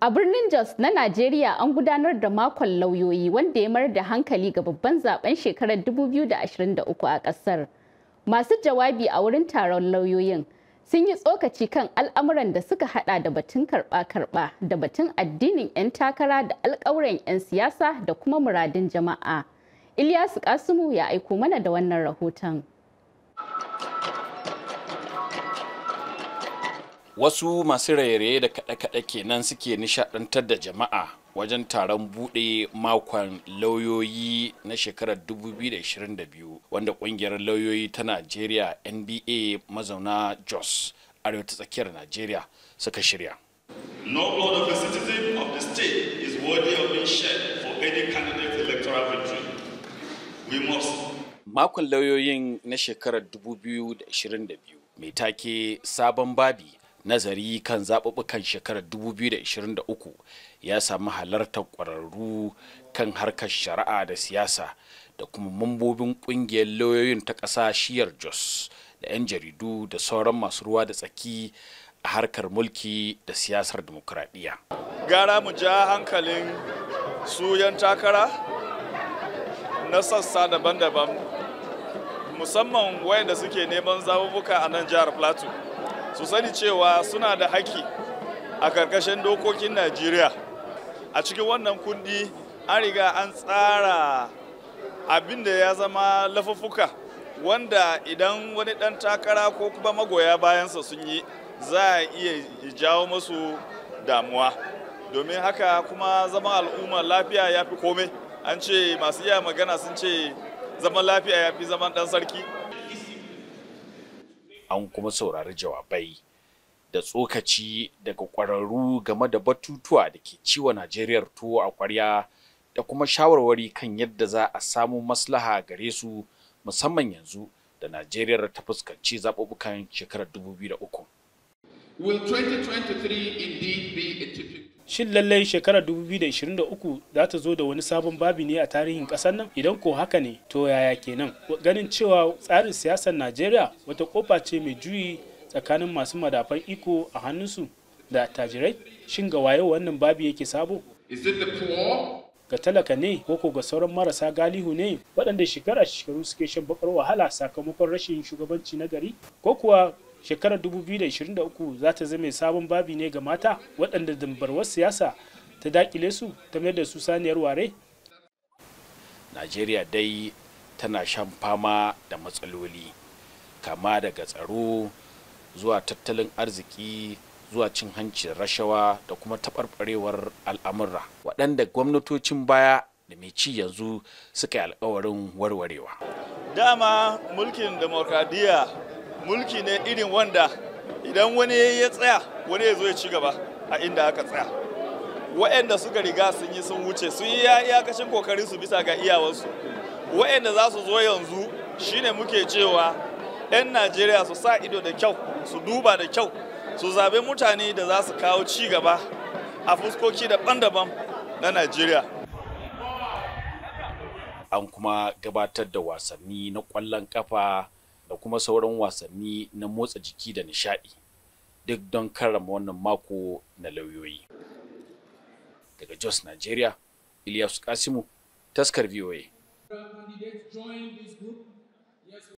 A birnin Jos na Najeriya an gudanar da makon lauyoyi wanda ya mayar da hankali ga babban zaben shekarar 2023 a ƙasar. Masu jawabi a wurin taron lauyoyin sun yi tsokaci kan al'amuran da suka hada da batun karɓa-karɓa, da batun addinin 'yan takara da alƙawuran 'yan siyasa da kuma muradin jama'a. Ilyasu Kasimu ya aiko mana da wannan rahoton. wasu masu raye da kaɗe-kaɗe kenan suke nishaɗantar da jama'a wajen taron buɗe makon lauyoyi na shekarar 2022 wanda ƙungiyar lauyoyi ta najeriya nba mazauna jos arewa ta tsakiyar najeriya suka shirya no citizen of the state is shed for any electoral victory makon lauyoyin na shekarar 2022 mai take sabon babi nazari kan zaɓuɓɓukan shekarar 2023 ya sami halartar ƙwararru kan harkar shari'a da siyasa da kuma mambobin ƙungiyar lauyoyin ta ƙasa shiyar jos da 'yan jaridu da sauran masu ruwa da tsaki a harkar mulki da siyasar demokuraɗiyya. gara mu ja hankalin su 'yan takara na sassa daban-daban musamman wayanda suke neman zaɓuɓɓuka a nan jihar plateau su sani cewa suna da haƙƙi a ƙarƙashin dokokin najeriya a cikin wannan kundi an riga an tsara abin da ya zama lafafuka wanda idan wani ɗan takara ko kuma magoya bayansa sun yi za a iya jawo masu damuwa domin haka kuma zaman al'umma lafiya ya fi komai an ce masu iya magana sun ce zaman lafiya ya fi zaman ɗan sarki an kuma saurari jawabai da tsokaci daga ƙwararru game da batutuwa da ke ciwa Najeriya tuwo a ƙwarya da kuma shawarwari kan yadda za a samu maslaha gare su musamman yanzu da Najeriya ta fuskanci zaɓuɓɓukan shekarar 2003. Will 2023 indeed be a typical shin lallai shekarar 2023 za ta zo da wani sabon babi ne a tarihin ƙasar nan idan ko haka ne to yaya kenan ganin cewa tsarin siyasar najeriya wata kofa ce mai juyi tsakanin masu madafan iko a hannunsu da tajirai shin ga waye wannan babi yake sabo ga talaka ne koko ga sauran marasa galihu ne waɗanda shekara shekaru suke shan bakar wahala sakamakon rashin shugabanci na gari ko kuwa shekarar 2023 za ta zame sabon babi ne ga mata waɗanda dambarwar siyasa ta dakile su ta mayar da su saniyar ware najeriya dai tana shan fama da matsaloli kama daga tsaro zuwa tattalin arziki zuwa cin hancin rashawa da kuma taɓarɓarewar al'amurra waɗanda gwamnatocin baya da mai ci yanzu suka yi alkawarin warwarewa dama mulkin demokradiyya mulki ne irin wanda idan wani ya tsaya wani ya zo ya ci gaba a inda aka tsaya wa'anda suka riga sun yi sun wuce sun yi iyakacin kokarin su bisa ga iyawansu. wa'anda za su zo yanzu shine muke cewa 'yan najeriya su sa ido da kyau su duba da kyau su zabe mutane da za su kawo ci gaba a fuskoki daban-daban na najeriya an kuma gabatar da wasanni na ƙwallon kafa da kuma sauran wasanni na motsa jiki da nishaɗi duk don karrama wannan mako na lauyoyi. Daga Jos Nigeria, Ilyasu Kasimu, taskar VOA.